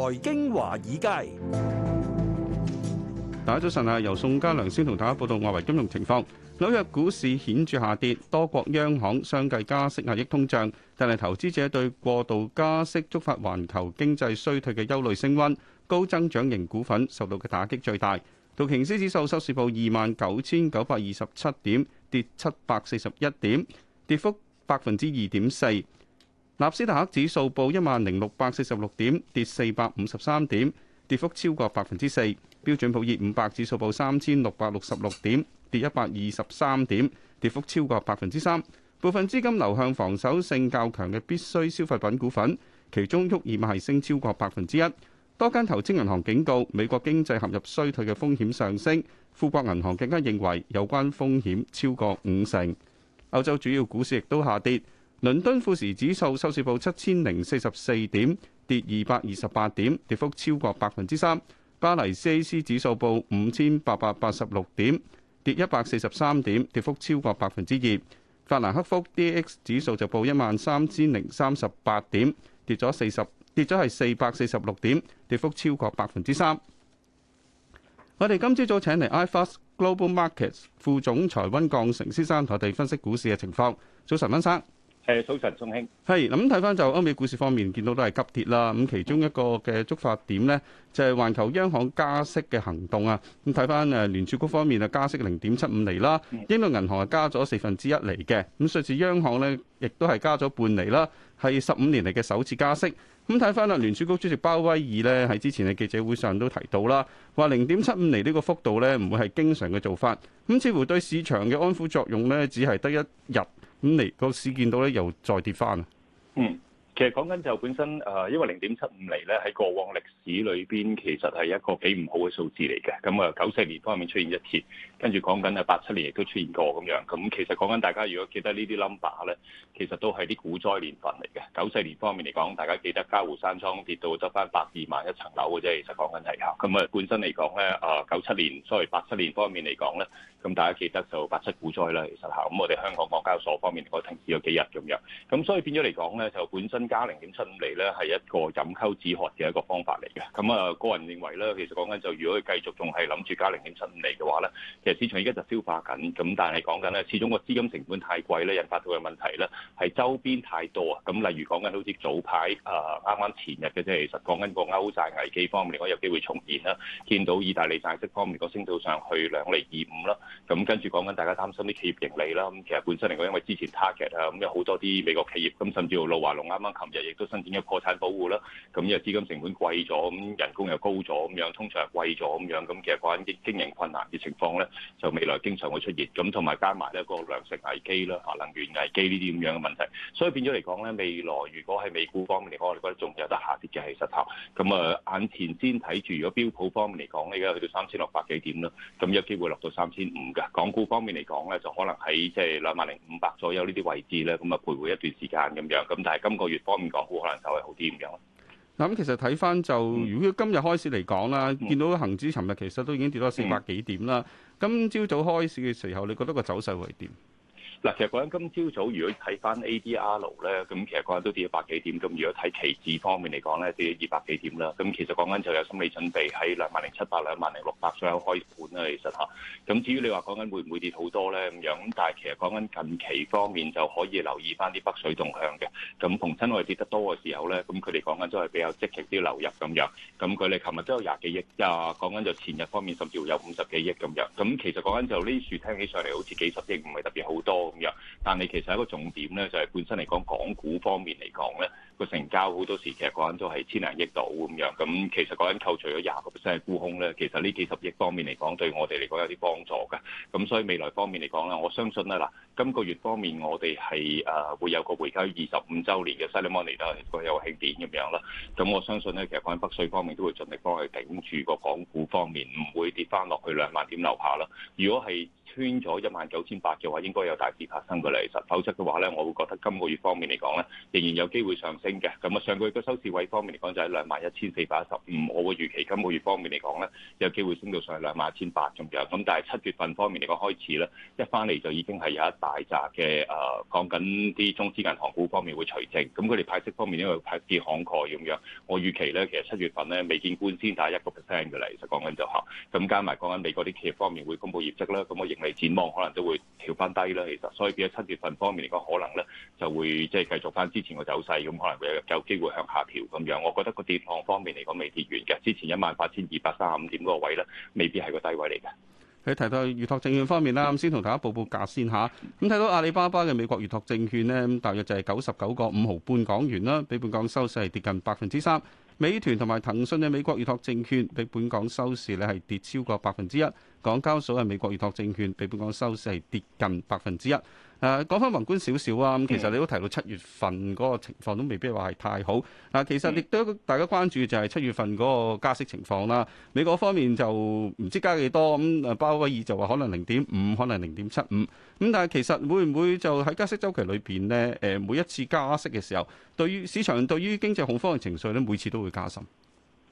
財經華爾街，大家早晨啊！由宋家良先同大家報道外圍金融情況。紐約股市顯著下跌，多國央行相繼加息壓抑通脹，但係投資者對過度加息觸發環球經濟衰退嘅憂慮升溫，高增長型股份受到嘅打擊最大。道瓊斯指數收市報二萬九千九百二十七點，跌七百四十一點，跌幅百分之二點四。納斯達克指數報一萬零六百四十六點，跌四百五十三點，跌幅超過百分之四。標準普爾五百指數報三千六百六十六點，跌一百二十三點，跌幅超過百分之三。部分資金流向防守性較強嘅必需消費品股份，其中沃爾瑪係升超過百分之一。多間投資銀行警告美國經濟陷入衰退嘅風險上升，富國銀行更加認為有關風險超過五成。歐洲主要股市亦都下跌。倫敦富時指數收市報七千零四十四點，跌二百二十八點，跌幅超過百分之三。巴黎 CAC 指數報五千八百八十六點，跌一百四十三點，跌幅超過百分之二。法蘭克福 DAX 指數就報一萬三千零三十八點，跌咗四十跌咗係四百四十六點，跌幅超過百分之三。我哋今朝早請嚟 IFAS Global Markets 副總裁温鋼成先生同我哋分析股市嘅情況。早晨，温生。誒，早晨，宋興。係，咁睇翻就歐美股市方面，見到都係急跌啦。咁其中一個嘅觸發點呢，就係環球央行加息嘅行動啊。咁睇翻誒，聯儲局方面啊，加息零點七五厘啦，英國銀行啊加咗四分之一厘嘅。咁瑞士央行呢，亦都係加咗半厘啦，係十五年嚟嘅首次加息。咁睇翻啦，聯儲局主席鮑威爾呢，喺之前嘅記者會上都提到啦，話零點七五厘呢個幅度呢唔會係經常嘅做法。咁似乎對市場嘅安撫作用呢，只係得一日。咁嚟個市見到咧，又再跌返，嗯。其實講緊就本身誒，因為零點七五厘咧喺過往歷史裏邊，嗯嗯，其實係一個幾唔好嘅數字嚟嘅。咁啊，九四年方面出現一次，跟住講緊啊八七年亦都出現過咁樣。咁其實講緊大家如果記得呢啲 number 咧，其實都係啲股災年份嚟嘅。九四年方面嚟講，大家記得嘉湖山莊跌到執翻百二萬一層樓嘅啫。其實講緊係嚇。咁、嗯、啊，本身嚟講咧，啊九七年所 o 八七年方面嚟講咧，咁、嗯、大家記得就八七股災啦。其實嚇，咁、嗯、我哋香港港交所方面我停止咗幾日咁樣。咁、嗯、所以變咗嚟講咧，就本身。加零點七五厘咧，係一個飲鴆止渴嘅一個方法嚟嘅。咁啊，個人認為咧，其實講緊就，如果佢繼續仲係諗住加零點七五厘嘅話咧，其實市場而家就消化緊。咁但係講緊咧，始終個資金成本太貴咧，引發到嘅問題咧，係周邊太多啊。咁例如講緊好似早排啊，啱啱前日嘅啫，其實講緊個歐債危機方面，應該有機會重現啦。見到意大利債息方面個升到上去兩厘二五啦。咁跟住講緊大家擔心啲企業盈利啦。咁其實本身嚟講，因為之前 target 啊，咁有好多啲美國企業，咁甚至乎路華龍啱啱。琴日亦都申請咗破產保護啦，咁因為資金成本貴咗，咁人工又高咗，咁樣通常係貴咗咁樣，咁其實關於經營困難嘅情況咧，就未來經常會出現。咁同埋加埋咧個糧食危機啦、能源危機呢啲咁樣嘅問題，所以變咗嚟講咧，未來如果喺美股方面嚟講，我哋覺得仲有得下跌嘅係實頭。咁啊，眼前先睇住，如果標普方面嚟講，呢家去到三千六百幾點啦，咁有機會落到三千五㗎。港股方面嚟講咧，就可能喺即係兩萬零五百左右呢啲位置咧，咁啊徘徊一段時間咁樣。咁但係今個月。方面講，可能稍微好啲咁。嗱，咁其實睇返就，嗯、如果今日開始嚟講啦，嗯、見到恆指尋日其實都已經跌咗四百幾點啦。嗯、今朝早開始嘅時候，你覺得個走勢會點？嗱，其實講緊今朝早，如果睇翻 ADR 咧，咁其實講緊都跌咗百幾點。咁如果睇期指方面嚟講咧，跌咗二百幾點啦。咁其實講緊就有心理準備喺兩萬零七百、兩萬零六百左右開盤啦。其實吓，咁至於你話講緊會唔會跌好多咧咁樣？咁但係其實講緊近期方面就可以留意翻啲北水動向嘅。咁逢親外跌得多嘅時候咧，咁佢哋講緊都係比較積極啲流入咁樣。咁佢哋琴日都有廿幾億啊，講緊就前日方面甚至乎有五十幾億咁樣。咁其實講緊就呢啲數聽起上嚟好似幾十億，唔係特別好多。咁樣，但係其實一個重點咧，就係本身嚟講，港股方面嚟講咧。個成交好多時其實嗰陣都係千零億度咁樣，咁其實嗰陣扣除咗廿個 percent 係沽空咧，其實呢幾十億方面嚟講，對我哋嚟講有啲幫助嘅。咁所以未來方面嚟講咧，我相信咧嗱，今個月方面我哋係誒會有個回歸二十五週年嘅西利摩尼都係，一個有個慶典咁樣啦。咁我相信咧，其實講緊北水方面都會盡力幫佢頂住個港股方面，唔會跌翻落去兩萬點樓下啦。如果係穿咗一萬九千八嘅話，應該有大事發生嘅離實，否則嘅話咧，我會覺得今個月方面嚟講咧，仍然有機會上升。咁啊，上個月嘅收市位方面嚟講就係兩萬一千四百一十五，我嘅預期今個月方面嚟講咧，有機會升到上去兩萬一千八咁樣。咁但係七月份方面嚟講開始咧，一翻嚟就已經係有一大扎嘅誒，講緊啲中資銀行股方面會除淨，咁佢哋派息方面因為派息慷慨咁樣，我預期咧，其實七月份咧，未見官先打一個 percent 嘅嚟，其實講緊就係咁，加埋講緊美國啲企業方面會公布業績啦。咁我盈利展望可能都會調翻低啦。其實所以變咗七月份方面嚟講，可能咧就會即係繼續翻之前個走勢咁可能。有有機會向下調咁樣，我覺得個跌浪方面嚟講未跌完嘅，之前一萬八千二百三十五點嗰個位咧，未必係個低位嚟嘅。你提到預託證券方面啦，咁先同大家報報價先嚇。咁睇到阿里巴巴嘅美國預託證券呢，大約就係九十九個五毫半港元啦，比本港收市係跌近百分之三。美團同埋騰訊嘅美國預託證券，比本港收市呢係跌超過百分之一。港交所係美國預託證券，比本港收市係跌近百分之一。誒，講翻宏觀少少啊，咁其實你都提到七月份嗰個情況都未必話係太好。嗱、啊，其實亦都大家關注就係七月份嗰個加息情況啦。美國方面就唔知加幾多咁，啊、嗯，鮑威爾就話可能零點五，可能零點七五。咁但係其實會唔會就喺加息周期裏邊呢？誒，每一次加息嘅時候，對於市場對於經濟恐慌嘅情緒呢，每次都會加深。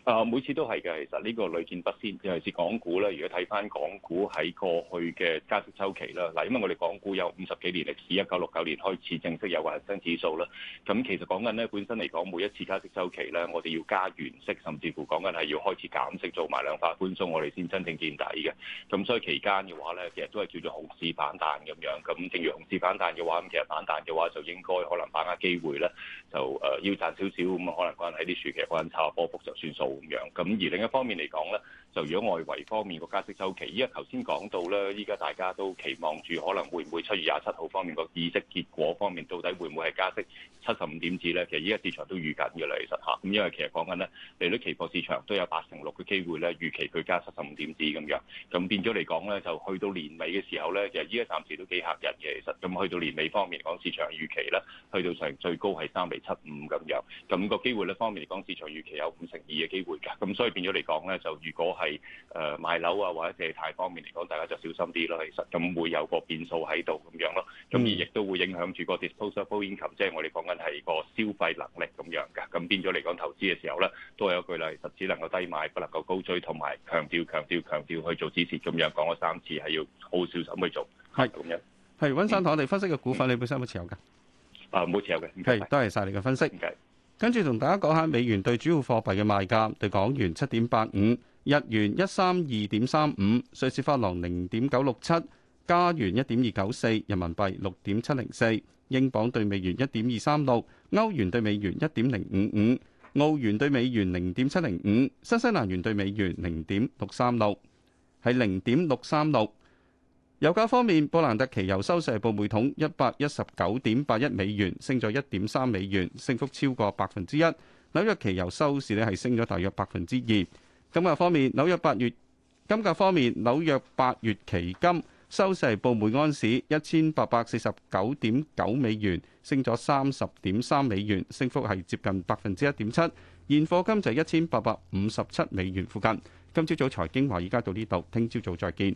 啊，每次都係嘅，其實呢個屢見不鮮，尤其係港股咧。如果睇翻港股喺過去嘅加息週期啦，嗱，因為我哋港股有五十幾年歷史，一九六九年開始正式有恒生指數啦。咁其實講緊咧，本身嚟講，每一次加息週期咧，我哋要加原息，甚至乎講緊係要開始減息，做埋量化寬鬆，我哋先真正見底嘅。咁所以期間嘅話咧，其實都係叫做熊市反彈咁樣。咁正如熊市反彈嘅話，咁其實反彈嘅話就應該可能把握機會咧，就誒要賺少少咁啊，可能嗰陣睇啲短期，嗰陣炒下波幅就算數。咁樣，咁而另一方面嚟講咧，就如果外圍方面個加息周期，依家頭先講到咧，依家大家都期望住可能會唔會七月廿七號方面個議息結果方面，到底會唔會係加息七十五點子咧？其實依家市場都預緊嘅啦，其實嚇，咁因為其實講緊咧，利率期貨市場都有八成六嘅機會咧，預期佢加七十五點子咁樣，咁變咗嚟講咧，就去到年尾嘅時候咧，其實依家暫時都幾嚇人嘅，其實咁去到年尾方面講，市場預期咧，去到成最高係三釐七五咁樣，咁、那個機會咧方面嚟講，市場預期有五成二嘅機會㗎，咁所以變咗嚟講咧，就如果係誒買樓啊或者地產方面嚟講，大家就小心啲咯。其實咁會有個變數喺度咁樣咯，咁而亦都會影響住個 disposable income，即係我哋講緊係個消費能力咁樣嘅。咁變咗嚟講，投資嘅時候咧，都係一句啦，其實只能夠低買，不能夠高追，同埋強調強調強調去做止蝕咁樣講咗三次，係要好，好小心去做，係咁是樣。係温生堂，嗯、我哋分析嘅股份你本身有冇持有㗎？啊，冇持有嘅。係，多謝晒你嘅分析。謝謝。跟住同大家講下美元對主要貨幣嘅賣價，對港元七點八五，日元一三二點三五，瑞士法郎零點九六七，加元一點二九四，人民幣六點七零四，英鎊對美元一點二三六，歐元對美元一點零五五，澳元對美元零點七零五，新西蘭元對美元零點六三六，係零點六三六。油價方面，布蘭特期油收市報每桶一百一十九點八一美元，升咗一點三美元，升幅超過百分之一。紐約期油收市呢係升咗大約百分之二。金價方面，紐約八月金價方面，紐約八月期金收市報每安士一千八百四十九點九美元，升咗三十點三美元，升幅係接近百分之一點七。現貨金就一千八百五十七美元附近。今朝早財經華，而家到呢度，聽朝早再見。